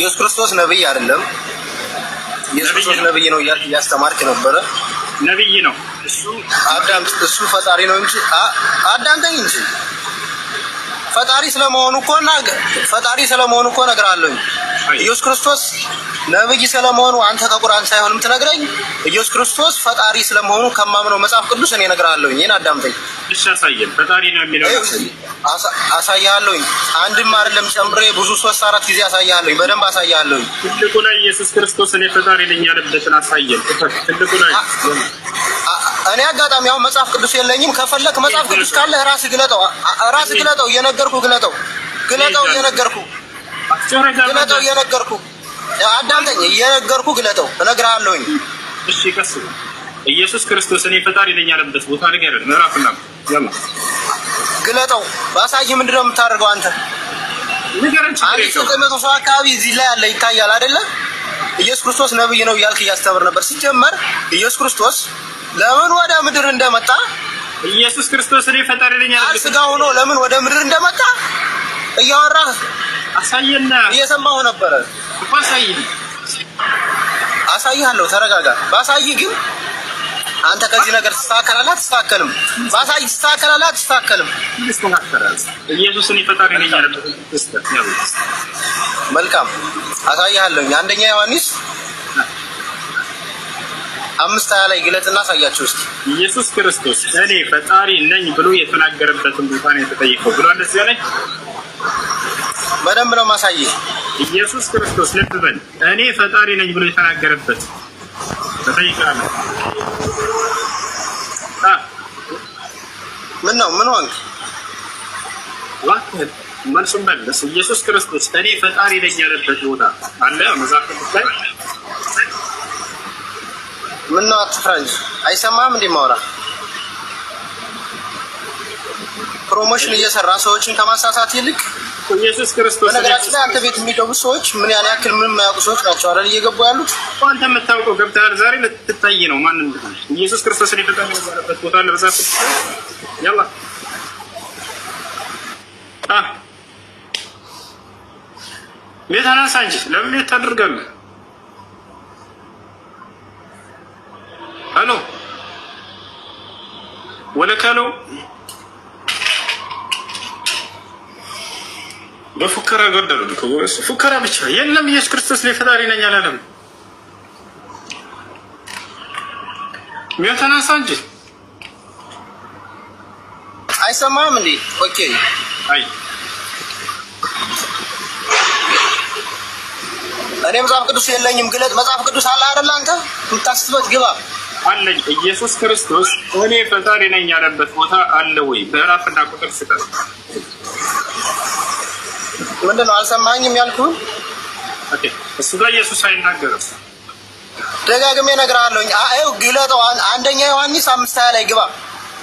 ኢየሱስ ክርስቶስ ነብይ አይደለም። ኢየሱስ ክርስቶስ ነብይ ነው እያስተማርክ ነበረ። ነብይ ነው እሱ። አዳም፣ እሱ ፈጣሪ ነው እንጂ አዳም አዳምጠኝ እንጂ ፈጣሪ ስለመሆኑ እኮ እና ፈጣሪ ስለመሆኑ እኮ እነግርሃለሁ። ኢየሱስ ክርስቶስ ነብይ ስለመሆኑ አንተ ከቁርአን ሳይሆን የምትነግረኝ ኢየሱስ ክርስቶስ ፈጣሪ ስለመሆኑ ከማምነው መጽሐፍ ቅዱስ እኔ እነግርሃለሁኝ። ይሄን አዳምጠኝ እሺ። ፈጣሪ ነው የሚለው አሳያለሁኝ። አንድም አይደለም ጨምሬ ብዙ ሶስት አራት ጊዜ አሳያለሁኝ። በደንብ አሳያለሁኝ። ትልቁ ላይ ኢየሱስ ክርስቶስ እኔ ፈጣሪ ነኝ ያለበትን አሳየን። ትልቁ ላይ እኔ አጋጣሚ አሁን መጽሐፍ ቅዱስ የለኝም። ከፈለክ መጽሐፍ ቅዱስ ካለ ራስ ግለጠው፣ ራስ ግለጠው፣ እየነገርኩ ግለጠው፣ ግለጠው፣ እየነገርኩ ግለጠው፣ እየነገርኩ አዳምጠኝ፣ እየነገርኩ ግለጠው እነግርሃለሁኝ። እሺ ቀስ ኢየሱስ ክርስቶስ እኔ ፈጣሪ ነኝ ያለበት ቦታ ንገረን። ምዕራፍና ያላ ግለጠው፣ ባሳይህ። ምንድን ነው የምታደርገው አንተ? አንድ ሰው አካባቢ እዚህ ላይ አለ፣ ይታያል አይደለ? ኢየሱስ ክርስቶስ ነብይ ነው እያልክ እያስተምር ነበር። ሲጀመር ኢየሱስ ክርስቶስ ለምን ወደ ምድር እንደመጣ ኢየሱስ ክርስቶስ እኔ ፈጣሪ ነኝ ያለበት ስጋ ሆኖ ለምን ወደ ምድር እንደመጣ እያወራህ አሳየና እየሰማሁ ነበረ እኮ አሳይ፣ አሳይሃለሁ፣ ተረጋጋ። ባሳይ ግን አንተ ከዚህ ነገር ትስተካከላለህ አትስተካከልም? ባሳይ ትስተካከላለህ አትስተካከልም? ኢየሱስን ይፈጣሪ ነኝ ያለው መልካም፣ አሳይሃለሁኝ። አንደኛ ዮሐንስ አምስት ሀያ ላይ ግለጥና አሳያችሁ እስኪ። ኢየሱስ ክርስቶስ እኔ ፈጣሪ ነኝ ብሎ የተናገረበትን ቦታ ነው የተጠየቀው ብሎ እንደዚህ ላይ በደንብ ነው ማሳየህ። ኢየሱስ ክርስቶስ ልብ በል እኔ ፈጣሪ ነኝ ብሎ የተናገረበት ተጠይቃለ። ምን ነው ምን ሆንክ? እባክህ መልሱን መለስ። ኢየሱስ ክርስቶስ እኔ ፈጣሪ ነኝ ያለበት ቦታ አለ መጽሐፍ ቅዱስ ላይ? ምን ነው አትፍራ እንጂ አይሰማህም እንዴ ማውራ ፕሮሞሽን እየሰራ ሰዎችን ከማሳሳት ይልቅ ኢየሱስ ክርስቶስ ነገራችን ላይ አንተ ቤት የሚገቡ ሰዎች ምን ያን ያክል ምን የማያውቁ ሰዎች ናቸው አይደል? እየገቡ ያሉት አንተ የምታውቀው ገብተሃል። ዛሬ ልትታይ ነው። ማን እንደሆነ ኢየሱስ ክርስቶስ ላይ ተጠቅሞ ባለበት ቦታ ለበዛት ያላ አ ቤት አናሳ እንጂ ለምን ቤት ታደርጋለህ? ሄሎ ወለከሎ በፉከራ ገደሉ። እሱ ፉከራ ብቻ የለም። ኢየሱስ ክርስቶስ ላይ ፈጣሪ ነኝ አላለም። ሚያተናሳ እንጂ አይሰማም እንዴ? ኦኬ። አይ እኔ መጽሐፍ ቅዱስ የለኝም፣ ግለጥ። መጽሐፍ ቅዱስ አለ አይደል? አንተ የምታስበት ግባ አለኝ። ኢየሱስ ክርስቶስ እኔ ፈጣሪ ነኝ ያለበት ቦታ አለ ወይ? ምዕራፍና ቁጥር ስጠ ምንድን ነው አልሰማኝም ያልኩህ? እሱ ጋር ኢየሱስ አይናገርም። ደጋግሜ እነግርሃለሁ። ይኸው ግለጠው። አንደኛ ዮሐንስ አምስት ሀያ ላይ ግባ።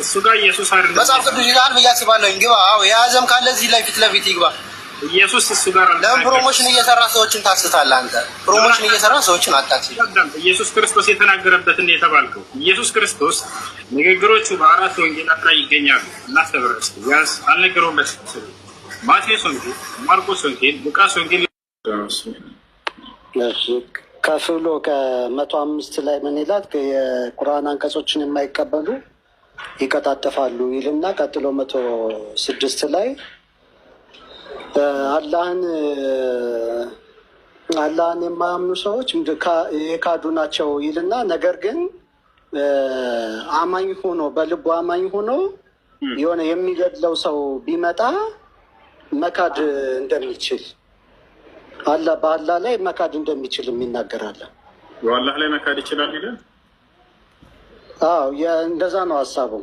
እሱ ጋር ኢየሱስ አይደለም መጽሐፍ ቅዱስ ይላል ብዬ አስባለሁኝ። ግባ። አዎ የያዘም ካለ እዚህ ላይ ፊት ለፊት ይግባ። ኢየሱስ እሱ ጋር ለምን ፕሮሞሽን እየሰራ ሰዎችን ታስታለህ አንተ? ፕሮሞሽን እየሰራ ሰዎችን አታስብ። ኢየሱስ ክርስቶስ የተናገረበት እንደ የተባልከው ኢየሱስ ክርስቶስ ንግግሮቹ በአራት ወንጌላት ላይ ይገኛሉ። እናስተብረስ ያዝ አልነገረውበት ማቴዎስ ወንጌል፣ ማርቆስ ወንጌል፣ ሉቃስ ወንጌል ከፍ ብሎ ከመቶ አምስት ላይ ምን ይላል? የቁርአን አንቀጾችን የማይቀበሉ ይቀጣጠፋሉ ይልና ቀጥሎ መቶ ስድስት ላይ አላህን አላህን የማያምኑ ሰዎች የካዱ ናቸው ይልና ነገር ግን አማኝ ሆኖ በልቡ አማኝ ሆኖ የሆነ የሚገድለው ሰው ቢመጣ መካድ እንደሚችል አለ በአላህ ላይ መካድ እንደሚችል የሚናገራለ በአላህ ላይ መካድ ይችላል ይላል። አዎ እንደዛ ነው ሀሳቡ።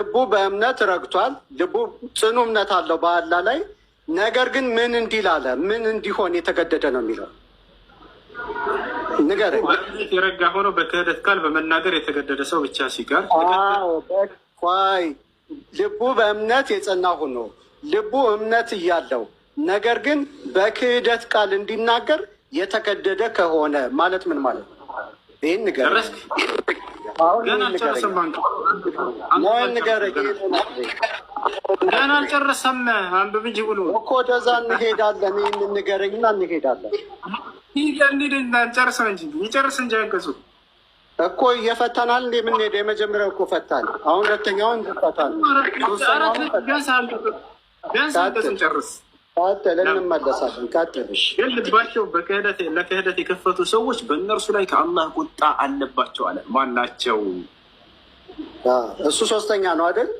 ልቡ በእምነት ረግቷል። ልቡ ጽኑ እምነት አለው በአላህ ላይ። ነገር ግን ምን እንዲል አለ ምን እንዲሆን የተገደደ ነው የሚለው ንገረኝ። የረጋ ሆኖ በክህደት ቃል በመናገር የተገደደ ሰው ብቻ ሲጋር ልቡ በእምነት የጸና ሆኖ ልቡ እምነት እያለው ነገር ግን በክህደት ቃል እንዲናገር የተከደደ ከሆነ ማለት ምን ማለት ነው? ይህን ገና አልጨረሰም። አንብብ እንጂ ብሎ እኮ ወደዛ እንሄዳለን። ይህን ንገረኝና እንሄዳለን። ይጨርስ እንጂ እኮ እየፈተናል የምንሄደው የመጀመሪያው እኮ አሁን ሁለተኛውን ቢያንስ ጨርስ። ቀጥል፣ እንመለሳለን። ቀጥልሽ። ግን ልባቸው ለክህደት የከፈቱ ሰዎች በእነርሱ ላይ ከአላህ ቁጣ አለባቸው አለ። ማን ናቸው? እሱ ሶስተኛ ነው አይደል?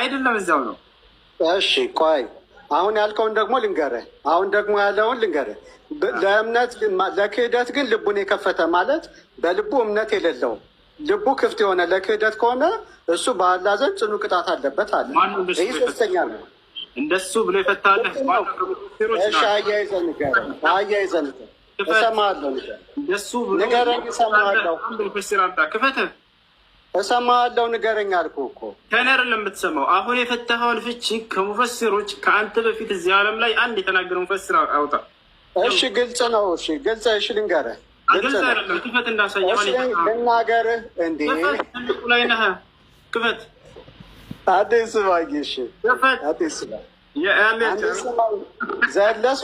አይደለም፣ እዚያው ነው። እሺ፣ ቆይ አሁን ያልከውን ደግሞ ልንገረ አሁን ደግሞ ያለውን ልንገረ ለእምነት ለክህደት ግን ልቡን የከፈተ ማለት በልቡ እምነት የሌለው ልቡ ክፍት የሆነ ለክህደት ከሆነ እሱ በአላህ ዘንድ ጽኑ ቅጣት አለበት አለ። ይህ ሶስተኛ ነው። እንደሱ ብሎ የፈታለህ አያይዘን እሰማለሁ። ንገረኝ አምጣ እኮ ከነር ለምትሰማው አሁን የፈታኸውን ፍቺ ከሙፈሲሮች ከአንተ በፊት እዚህ ዓለም ላይ አንድ የተናገረ ሙፈሲር አውጣ። እሺ ግልጽ ነው። እሺ ግልጽ እሺ ልንገረ ክፈት እንዳሳየ ልናገርህ እንዴ ክፈት ላይ ነህ ክፈት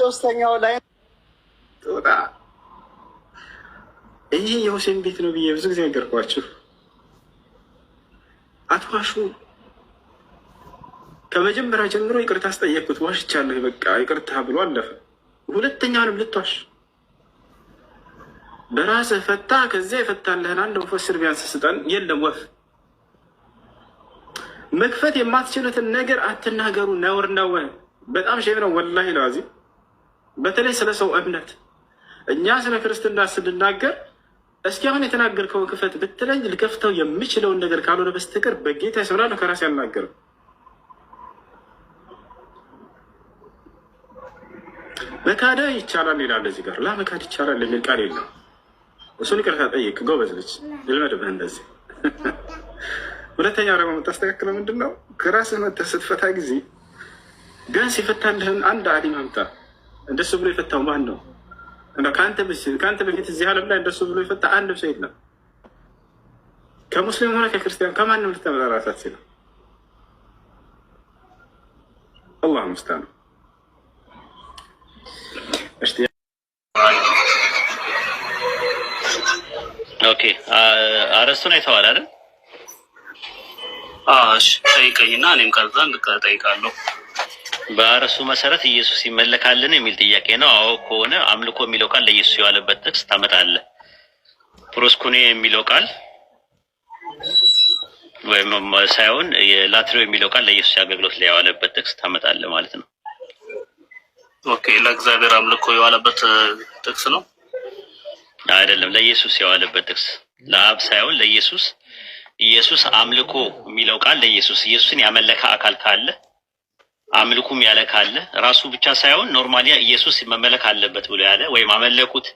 ሶስተኛው ላይ ይሄ የሁሴን ቤት ነው ብዬ ብዙ ጊዜ ነገርኳችሁ። አትዋሹ። ከመጀመሪያ ጀምሮ ይቅርታ አስጠየቅኩት፣ ዋሽቻለሁ፣ በቃ ይቅርታ ብሎ አለፈ። ሁለተኛውንም ልትዋሽ በራስህ ፈታ፣ ከዚያ የፈታልህን አንድ ወፍ አስር ቢያንስ ስጠን። የለም ወፍ መክፈት የማትችሉትን ነገር አትናገሩ፣ ነውር ነው። በጣም ሼም ነው። ወላሂ ለዚ በተለይ ስለ ሰው እምነት እኛ ስለ ክርስትና ስንናገር እስኪ አሁን የተናገርከው ክፈት ብትለኝ ልከፍተው የምችለውን ነገር ካልሆነ በስተቀር በጌታ ስብራ ነው ከራሴ አልናገርም። መካደ ይቻላል ይላል እዚህ ጋር ላመካድ ይቻላል የሚል ቃል የለም። እሱን ይቅርታ ጠይቅ። ጎበዝ ልጅ ልመድብህ እንደዚህ ሁለተኛው ደግሞ የምታስተካክለው ምንድን ነው? ከራስህ ስትፈታ ጊዜ ቢያንስ የፈታልህን አንድ አሊም አምጣ። እንደሱ ብሎ የፈታው ማን ነው? ከአንተ በፊት እዚህ ዓለም ላይ እንደሱ ብሎ የፈታ አንድ ሰው የለም። ከሙስሊም ሆነ ከክርስቲያን ከማንም ልታመጣ ራሳት ነው። አላህ ነው። ኦኬ። አረሱን አይተዋል አይደል? ጠይቀኝና እኔም ከዛ እንጠይቃለሁ። በእርሱ መሰረት ኢየሱስ ይመለካልን የሚል ጥያቄ ነው። አዎ ከሆነ አምልኮ የሚለው ቃል ለኢየሱስ የዋለበት ጥቅስ ታመጣለህ። ፕሮስኩኔ የሚለው ቃል ወይም ሳይሆን የላትሪው የሚለው ቃል ለኢየሱስ አገልግሎት ላይ የዋለበት ጥቅስ ታመጣለ ማለት ነው። ኦኬ ለእግዚአብሔር አምልኮ የዋለበት ጥቅስ ነው አይደለም፣ ለኢየሱስ የዋለበት ጥቅስ ለአብ ሳይሆን ለኢየሱስ ኢየሱስ አምልኮ የሚለው ቃል ለኢየሱስ ኢየሱስን ያመለከ አካል ካለ አምልኩም ያለ ካለ ራሱ ብቻ ሳይሆን ኖርማሊ ኢየሱስ መመለክ አለበት ብሎ ያለ ወይም አመለኩት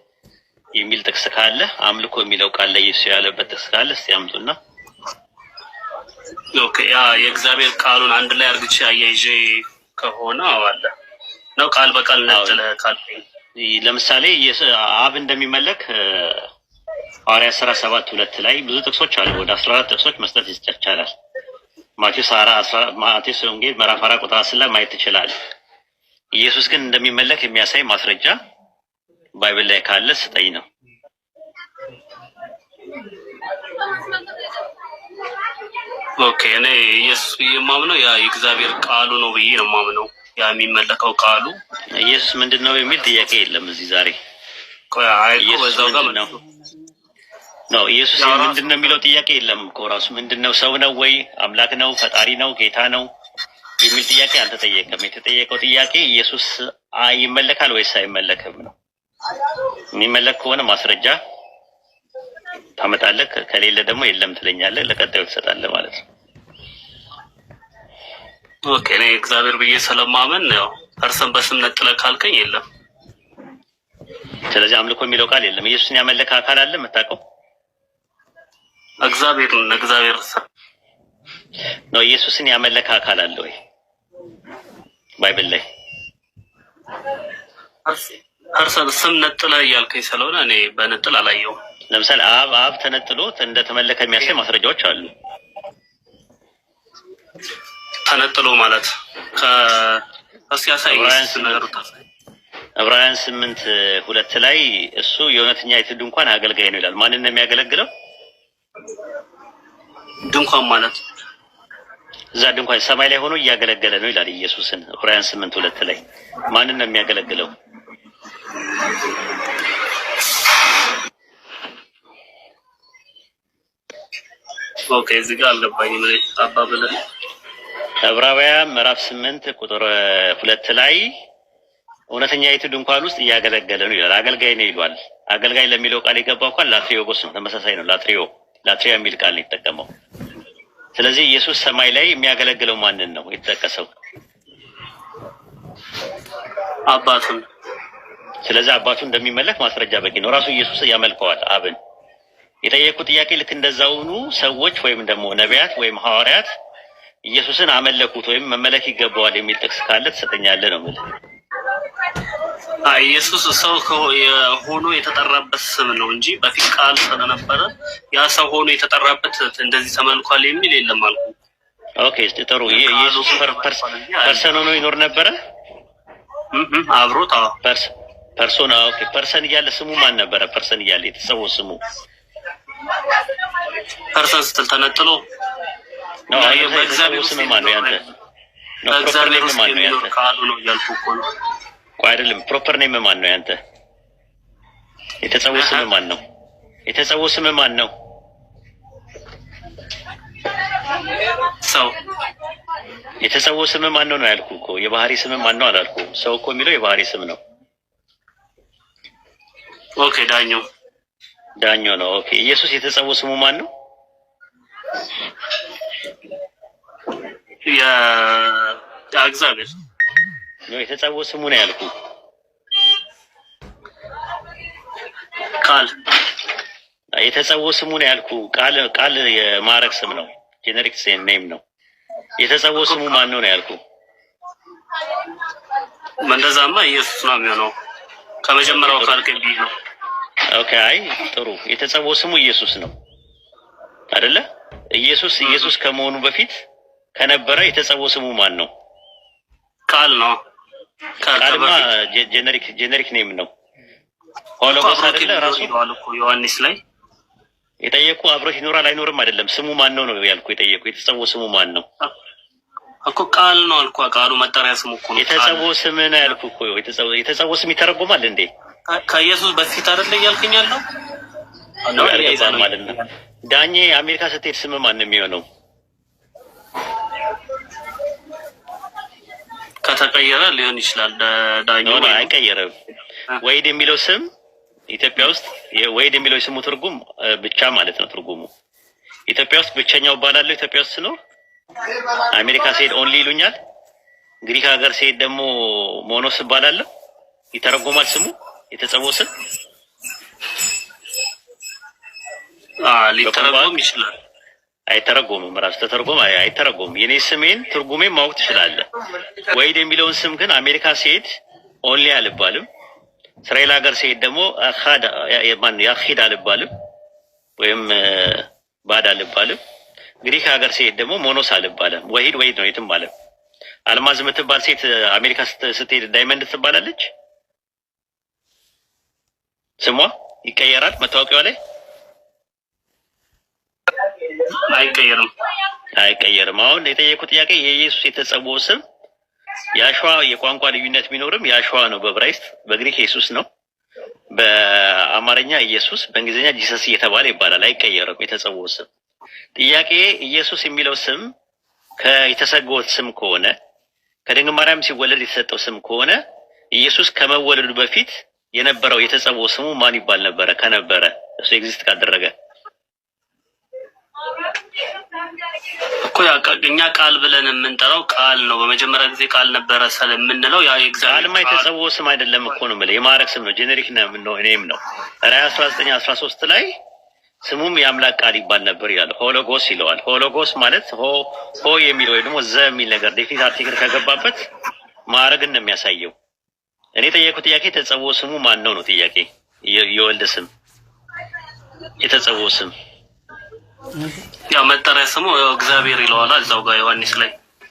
የሚል ጥቅስ ካለ አምልኮ የሚለው ቃል ለኢየሱስ ያለበት ጥቅስ ካለ እስቲ አምጡና ኦኬ፣ ያ የእግዚአብሔር ቃሉን አንድ ላይ አርግቼ አያይዤ ከሆነ አዋለ ነው ቃል በቃል ነጥለ ካል ለምሳሌ አብ እንደሚመለክ ሐዋርያ ስራ ሰባት ሁለት ላይ ብዙ ጥቅሶች አሉ። ወደ አስራ አራት ጥቅሶች መስጠት ይቻላል። ማቴዎስ ወንጌል ምዕራፍ አራት ቁጥር አስር ላይ ማየት ትችላል። ኢየሱስ ግን እንደሚመለክ የሚያሳይ ማስረጃ ባይብል ላይ ካለ ስጠኝ ነው። ኦኬ እኔ ኢየሱስ ብዬ የማምነው ያ የእግዚአብሔር ቃሉ ነው ብዬ ነው የማምነው። ያ የሚመለከው ቃሉ ኢየሱስ ምንድን ነው የሚል ጥያቄ የለም እዚህ ዛሬ ነው ነው ኢየሱስ ምንድን ነው የሚለው ጥያቄ የለም እኮ ራሱ ምንድን ነው ሰው ነው ወይ አምላክ ነው ፈጣሪ ነው ጌታ ነው የሚል ጥያቄ አልተጠየቀም። የተጠየቀው ጥያቄ ኢየሱስ ይመለካል ወይስ አይመለክም ነው። የሚመለክ ከሆነ ማስረጃ ታመጣለህ፣ ከሌለ ደግሞ የለም ትለኛለህ፣ ለቀጣዩ ትሰጣለህ ማለት ነው። ኦኬ እኔ እግዚአብሔር ብዬ ስለማመን ያው እርስን በስም ነጥለ ካልከኝ የለም። ስለዚህ አምልኮ የሚለው ቃል የለም። ኢየሱስን ያመለከ አካል አለ የምታውቀው እግዚአብሔር ነው። እግዚአብሔር ነው። ኢየሱስን ያመለከ አካል አለ ወይ? ባይብል ላይ ፐርሰን ስም ነጥለ እያልከኝ ስለሆነ እኔ በነጥል አላየውም። ለምሳሌ አብ አብ ተነጥሎ እንደተመለከ የሚያሳይ ማስረጃዎች አሉ። ተነጥሎ ማለት ከእስያሳይ ዕብራውያን ስምንት ሁለት ላይ እሱ የእውነተኛ የት ድንኳን አገልጋይ ነው ይላል። ማንን ነው የሚያገለግለው? ድንኳን ማለት እዛ ድንኳን ሰማይ ላይ ሆኖ እያገለገለ ነው ይላል ኢየሱስን ዕብራውያን ስምንት ሁለት ላይ ማንን ነው የሚያገለግለው? ኦኬ እዚህ ጋር አልገባኝ አባ ብለህ ዕብራውያን ምዕራፍ ስምንት ቁጥር ሁለት ላይ እውነተኛ እውነተኛይቱ ድንኳን ውስጥ እያገለገለ ነው ይላል። አገልጋይ ነው ይሏል። አገልጋይ ለሚለው ቃል የገባው እንኳን ላትሪዮጎስ ነው። ተመሳሳይ ነው ላትሪዮ ላትሪያ የሚል ቃል ነው የተጠቀመው። ስለዚህ ኢየሱስ ሰማይ ላይ የሚያገለግለው ማንን ነው የተጠቀሰው? አባቱን። ስለዚህ አባቱ እንደሚመለክ ማስረጃ በቂ ነው። ራሱ ኢየሱስ ያመልከዋል አብን። የጠየቁ ጥያቄ ልክ እንደዛውኑ ሰዎች ወይም ደግሞ ነቢያት ወይም ሐዋርያት ኢየሱስን አመለኩት ወይም መመለክ ይገባዋል የሚል ጥቅስ ካለ ትሰጠኛለህ ነው የምልህ። ኢየሱስ ሰው ሆኖ የተጠራበት ስም ነው እንጂ በፊት ቃል ስለነበረ ያ ሰው ሆኖ የተጠራበት እንደዚህ ተመልኳል የሚል የለም አልኩ። ኦኬ ጥሩ። ኢየሱስ ፐርሰን ሆኖ ይኖር ነበረ አብሮት። አዎ ፐርሶን። ኦኬ ፐርሰን እያለ ስሙ ማን ነበረ? ፐርሰን እያለ የተሰው ስሙ ፐርሰን ስትል ተነጥሎ ነው። በእግዚአብሔር ስም ማን ነው ያንተ? ነው ፕሮፐርሊ ማን ነው ያንተ? ቃሉ ነው እያልኩ እኮ ነው ቆይ አይደለም። ፕሮፐር ኔም ማን ነው ያንተ? የተጸውዖ ስም ማን ነው? የተጸውዖ ስም ማን ነው? ሰው የተጸውዖ ስም ማን ነው ነው ያልኩህ እኮ የባህሪ ስም ማን ነው አላልኩህ። ሰው እኮ የሚለው የባህሪ ስም ነው። ኦኬ ዳኞ ዳኞ ነው። ኦኬ ኢየሱስ የተጸውዖ ስሙ ማን ነው? የእግዚአብሔር ነው የተጸው ስሙ ነው ያልኩ ቃል የተጸው ስሙ ነው ያልኩ ቃል ቃል የማዕረግ ስም ነው። ጄኔሪክ ኔም ነው። የተጸው ስሙ ማን ነው ነው ያልኩ። እንደዛማ ኢየሱስ ነው የሚሆነው። ከመጀመሪያው ቃል ከቢ ነው። ኦኬ አይ ጥሩ። የተጸው ስሙ ኢየሱስ ነው አይደለ? ኢየሱስ ኢየሱስ ከመሆኑ በፊት ከነበረ የተጸው ስሙ ማን ነው? ቃል ነው። ቃልማ ጄኔሪክ ጄኔሪክ ኔም ነው። አይደለ ራሱ እኮ ዮሐንስ ላይ የጠየቁ አብሮሽ ይኖራል አይኖርም አይደለም። ስሙ ማን ነው ነው ያልኩ። የጠየቁ ስሙ ማን ነው እኮ ቃል ነው አልኩ። ቃሉ መጠሪያ ስሙ እኮ ነው። ስም ነው ያልኩ እኮ። ስም ይተረጎማል እንዴ? ከኢየሱስ በፊት አይደለ ዳኜ አሜሪካ ስትሄድ ስም ማን ነው የሚሆነው? ከተቀየረ ሊሆን ይችላል። ዳኛው አይቀየርም። ወይድ የሚለው ስም ኢትዮጵያ ውስጥ ወይድ የሚለው ስሙ ትርጉም ብቻ ማለት ነው። ትርጉሙ ኢትዮጵያ ውስጥ ብቸኛው ባላለው ኢትዮጵያ ውስጥ ስኖር አሜሪካ ስሄድ ኦንሊ ይሉኛል። ግሪክ ሀገር ስሄድ ደግሞ ሞኖስ እባላለሁ። ይተረጎማል ስሙ የተጸቦ ስም ሊተረጎም ይችላል። አይተረጎምም። ራሱ ተተርጎም አይተረጎምም። የኔ ስሜን ትርጉሜ ማወቅ ትችላለህ። ወሂድ የሚለውን ስም ግን አሜሪካ ሲሄድ ኦንሊ አልባልም። እስራኤል ሀገር ሲሄድ ደግሞ ያኪድ አልባልም ወይም ባድ አልባልም። ግሪክ ሀገር ሲሄድ ደግሞ ሞኖስ አልባለም። ወሂድ ወሂድ ነው የትም ማለት። አልማዝ የምትባል ሴት አሜሪካ ስትሄድ ዳይመንድ ትባላለች። ስሟ ይቀየራል መታወቂያዋ ላይ አይቀየርም፣ አይቀየርም። አሁን የጠየቁ ጥያቄ የኢየሱስ የተጸውዖ ስም የአሸዋ የቋንቋ ልዩነት ቢኖርም የአሸዋ ነው። በብራይስት በግሪክ ኢየሱስ ነው። በአማርኛ ኢየሱስ፣ በእንግሊዝኛ ጂሰስ እየተባለ ይባላል። አይቀየርም የተጸውዖ ስም። ጥያቄ ኢየሱስ የሚለው ስም ከየተሰጎት ስም ከሆነ ከድንግል ማርያም ሲወለድ የተሰጠው ስም ከሆነ ኢየሱስ ከመወለዱ በፊት የነበረው የተጸቦ ስሙ ማን ይባል ነበረ? ከነበረ እሱ ኤግዚስት ካደረገ እኮ እኛ ቃል ብለን የምንጠራው ቃል ነው። በመጀመሪያ ጊዜ ቃል ነበረ ሰል የምንለው ቃልማ የተጸውዖ ስም አይደለም እኮ ነው የምልህ። የማዕረግ ስም ነው። ጄኔሪክ ነው። እኔም ነው ራዕይ አስራ ዘጠኝ አስራ ሶስት ላይ ስሙም የአምላክ ቃል ይባል ነበር ይላል። ሆሎጎስ ይለዋል። ሆሎጎስ ማለት ሆ ሆ የሚል ወይ ደግሞ ዘ የሚል ነገር ዴፊኒት አርቲክል ከገባበት ማዕረግን ነው የሚያሳየው። እኔ ጠየቁ ጥያቄ የተጸውዖ ስሙ ማን ነው ነው ጥያቄ። የወልድ ስም የተጸውዖ ስም ያው መጠሪያ ስሙ እግዚአብሔር ይለዋል። እዛው ጋር ዮሐንስ ላይ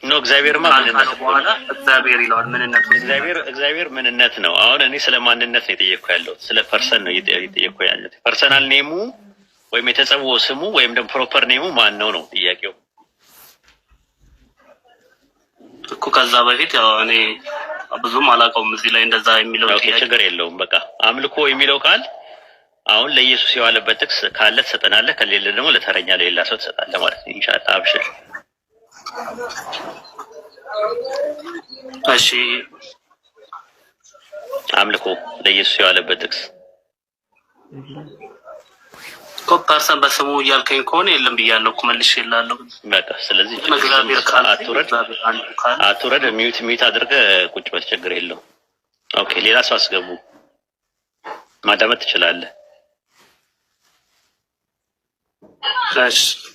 ነው። እግዚአብሔር ማለት በኋላ እግዚአብሔር ይለዋል። ምንነት ነው። እግዚአብሔር እግዚአብሔር ምንነት ነው። አሁን እኔ ስለ ማንነት ነው የጠየቅኩ ያለሁት፣ ስለ ፐርሰን ነው የጠየቅኩ ያለሁት። ፐርሰናል ኔሙ ወይም የተጸውዖ ስሙ ወይም ደግሞ ፕሮፐር ኔሙ ማን ነው ነው ጥያቄው እኮ። ከዛ በፊት ያው እኔ ብዙም አላውቀውም እዚህ ላይ እንደዛ የሚለው ጥያቄ ችግር የለውም። በቃ አምልኮ የሚለው ቃል አሁን ለኢየሱስ የዋለበት ጥቅስ ካለ ትሰጠናለህ፣ ከሌለ ደግሞ ለተረኛ ለሌላ ሰው ትሰጣለህ ማለት ነው። ኢንሻአላህ አብሽር። እሺ፣ አምልኮ ለኢየሱስ የዋለበት ጥቅስ እኮ ፐርሰን በስሙ እያልከኝ ከሆነ የለም ብያለሁ እኮ መልሼ እላለሁ። በቃ ስለዚህ አትውረድ አትውረድ፣ ሚዩት ሚዩት አድርገህ ቁጭ በል፣ ችግር የለውም። ኦኬ፣ ሌላ ሰው አስገቡ። ማዳመጥ ትችላለህ። Nice.